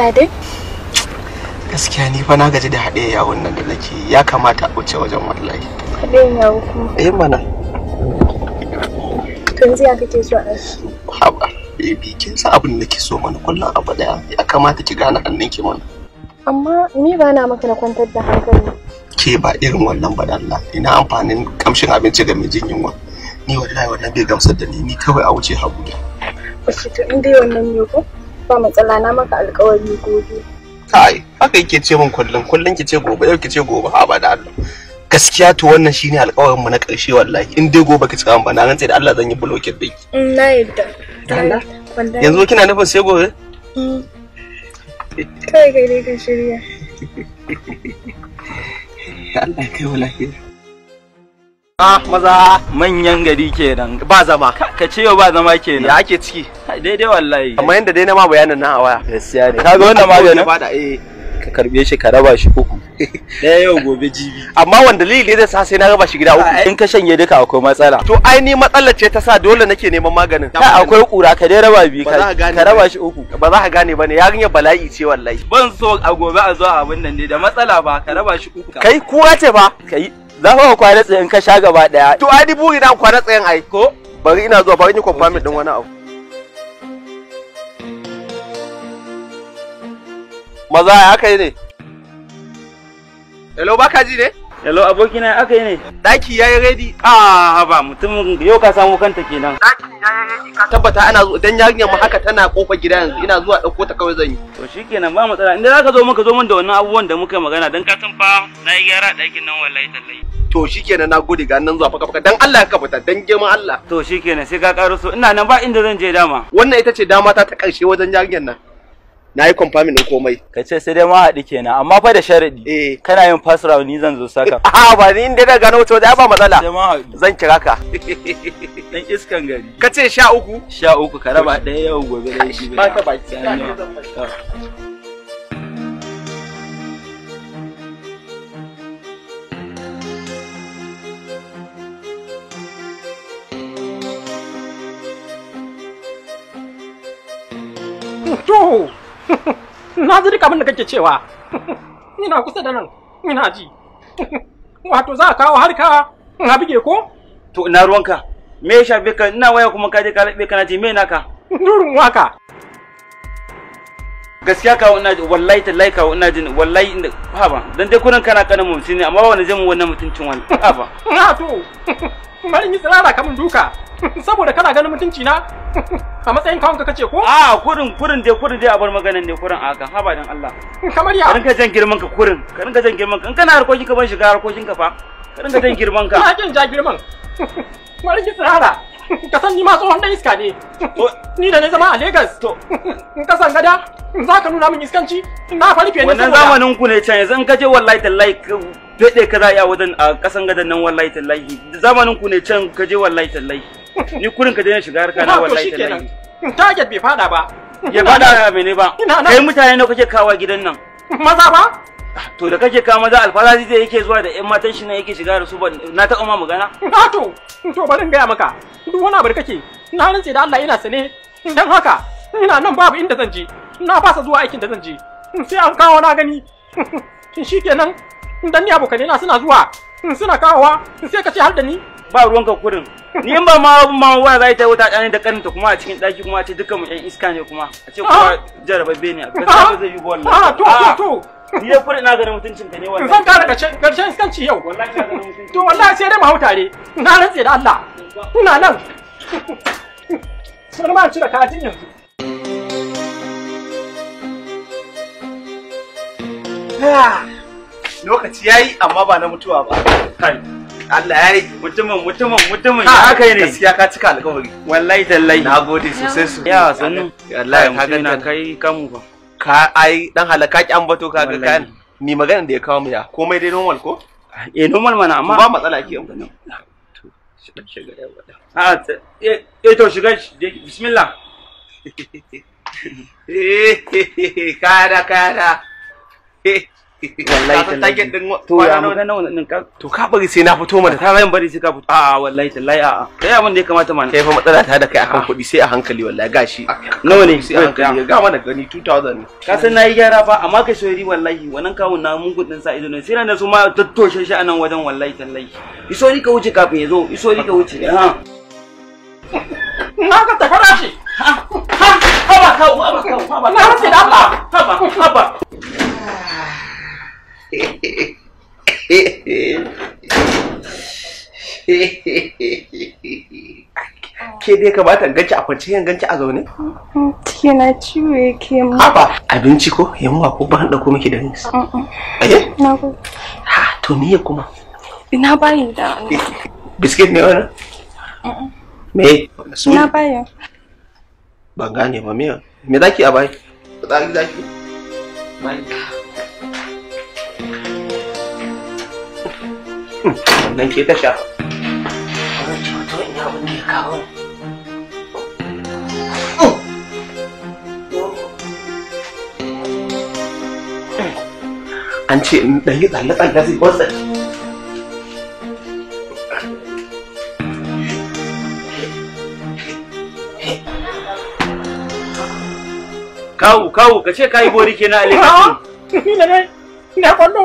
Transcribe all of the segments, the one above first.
gida dai gaskiya ni fa na gaji da haɗe yawon nan da nake ya kamata a wuce wajen wallahi haɗe yawo kuma eh mana yanzu ya kake so a shi haba baby kin san abin da nake so mana kullum abu daya ya kamata ki gane hannun ki mana amma ni ba na maka na kwantar da hankali ke ba irin wannan ba dalla ina amfanin kamshin abinci da mijin yunwa ni wallahi wannan bai gamsar da ni ni kawai a wuce da shi to inda wannan ne ko ba matsala na maka alkawari gobe kai haka yake ce min kullum kullum ki ce gobe yau ki ce gobe ha ba da Allah gaskiya to wannan shine alkawarin mu na ƙarshe wallahi in dai gobe ki tsaya ba na rantse da Allah zan yi blocking din ki mm, na yadda yanzu kina nufin sai gobe mm. kai kai dai ka shirya Allah kai wallahi Ah, maza manyan gari kenan. Ba zama. Ka ce ba zama kenan. Ya ake ciki. Daidai wallahi. Amma yanda dai na ma bayanin na a waya. Gaskiya ne. Kaga wannan ma Ba da eh ka karbe shi ka raba shi uku. Ɗaya yau gobe jibi. Amma wanda dalili zai sa sai na raba shi gida uku. Ah, in ka shanye duka akwai matsala. To ai ni matsalar ce ta sa dole nake neman maganin. Ka akwai kura ka dai raba biyu ka ka raba shi uku. Ba za ka gane ba ne yarinyar bala'i ce wallahi. Ban so a gobe a zo a abin nan ne da matsala ba ka raba shi uku. Kai kura ce ba. Kai za ka kwana in ka sha gaba daya to ai buri na kwana tsayin ai ko bari ina zuwa bari ni confirm din wani abu maza ya kai ne hello baka ji ne aboki abokina aka yi ne? Daki yayi ready. Ah ba mutumin yau ka samu kanta kenan. Daki yayi ready ka tabbata ana zuwa dan yarinya mu haka tana kofar gida yanzu ina zuwa dauko ta kawai zan yi. To shikenan ba matsala. Inda zaka zo muka zo mun da wannan abubuwan da muka magana dan ka san fa na yi gyara dakin nan wallahi tallahi. To shikenan na gode ga nan zuwa faka faka dan Allah ka fita dan girman Allah. To shikenan sai ka karo so ina nan ba inda zan je dama. Wannan ita ce dama ta ta karshe wajen yarinyar nan. na yi confirming din komai ka ce sai dai ma haɗi kenan amma fa da sharadi eh kana yin first round ni zan zo saka a ah, ba ni inda da gano to da ba matsala zan kira ka dan iskan gari ka ce sha uku sha uku ka raba ɗaya yau gobe da shi ba ka baki Tuhu! na ji duk abin da kake cewa ina kusa da nan ina ji wato za a kawo harka na bige ko to ina ruwanka me ya shafe ka ina waya kuma kaje ka rabe kana ji me naka durin waka gaskiya kawo ina ji wallahi tallahi kawo ina ji wallahi inda haba dan dai kunan kana kana mun sini, amma ba wani jin wannan mutuncin wani haba na to bari ni tsirara kamun duka saboda kana ganin mutunci na a matsayin kawon ka kace ko a kurin kurin dai kurin dai a bar maganin ne kurin aka haba dan Allah kamar ya ka jan girman ka kurin ka rinka jan girman ka in kana harkokin ka ban shiga harkokin ka fa ka rinka jan girman ka ina jin ja girman mara ki tsara ka san ni ma tsohon dan iska ne ni da ne zama a Lagos to in ka san gada za ka nuna min iskanci na fari rufe ne wannan zamanin ku ne can yanzu in ka je wallahi tallahi dai ka za a wajen a kasan gadan nan wallahi tallahi zamanin ku ne can ka je wallahi tallahi ni kurin ka daina shiga harka na wallahi tallahi target bai fada ba ya fada ya mene ba kai mutane na kuke kawo gidan nan maza ba to da kake kawo maza alfarazi zai yake zuwa da yan matan shi na yake shiga da su ba na ta umma magana na to to barin gaya maka duk wani abu kake na rantse da Allah ina sane dan haka ina nan babu inda zan je na fasa zuwa aikin da zan je sai an kawo na gani shikenan dan ni abokane na suna zuwa suna kawowa sai ka ce har da ni ba ruwan ka kurin ni in ba ma ma wa za ta wuta ɗani da karanta kuma a cikin ɗaki kuma a ce dukkan mu iska ne kuma a ce kuma ah. jarababbe ne a gaskiya ba zai yi wallahi wallahi to to to ah. ni dai kuri na ganin mutuncin ka ne wallahi zan kara karshen karshen iskanci yau wallahi to wallahi sai dai mu huta ne na rantse da Allah ina nan sai ma cire katin yanzu ah, lokaci yayi amma ba na mutuwa ba kai Allah ya yi. mutumin mutumin mutumin ya aka ne gaskiya ka cika alƙawari wallahi tallahi na gode sosai su. ya sannu wallahi ka ganta kai kamu ba ka ai dan halaka ki k'a ga kan ni magana da ya kawo mu ya komai dai normal ko eh normal mana amma ba matsala ke amfani shiga shiga ya wada a eh to shiga bismillah eh, kada kada wallahi tallahi to ya maka nawa nan ka to ka bari sai na fito mana ta zan bari sai ka fito a'a wallahi tallahi a'a kai abin da ya kamata mana kai fa matsala ta da kai akan kuɗi sai a hankali wallahi gashi nawa ne sai hankali ga mana gani 2000 ka san nayi gyara fa amma ka shori wallahi wannan kawun na mun gudun sa ido ne sai su ma tattoshe shi a nan wajen wallahi tallahi iso ni ka wuce kafin ya zo iso ni ka wuce ha na ka tafara shi ha ha ha ba ka ba ka ba na ka ha ba ha ba ke dai kamata in ganci a kwance yan ganci a zaune cike na ciwo yake mu haba abinci ko yamma ko ban dauko miki da ni eh na ko ha to miye kuma ina bayin da biskit ne wannan me na bayin ban gane ba me me zaki a bayi zaki zaki bayi Nên chỉ ta sợ Ôi trời thôi nhau bên kia đấy là lớp anh đã gì bớt rồi Kawu, kawu, ka ce ka yi bori kenan a lokacin. Ina dai, ina kwallo.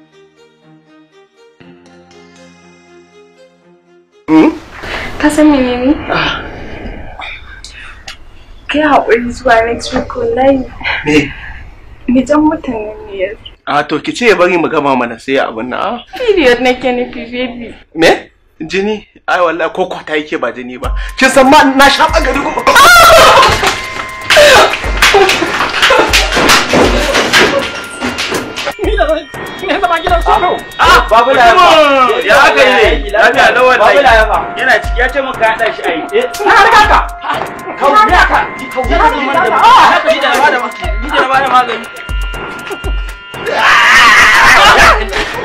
Ka san menene? Ah. Kai haƙuri zuwa next week online. Me? jan mutanen ne ya A ah, to ki ce bari mu gama mana sai abin na. Period ne nufi baby. Me? Jini? Ai wallahi ko ta yake ba jini ba. Kin san ma na shafa gari ko. Babula ah, ya fa. Ya Lafiya lawan dai. Babula Yana ciki ya ce mun ka shi ai. Eh, na ka. Kau ka. Kau ka. Ah! ni da na bada ni da na bada magani.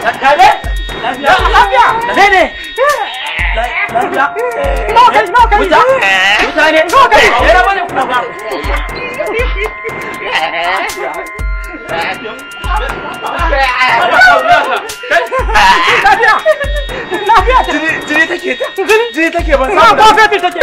Lafiya. Lafiya. ne. Lafiya. kai, kai. Wuta. Wuta ne. kai. Eh, yana ba. Lafiya. 哪边？哪边？这里，这里在切，这里，这里在切，不是吗？哪边？这里。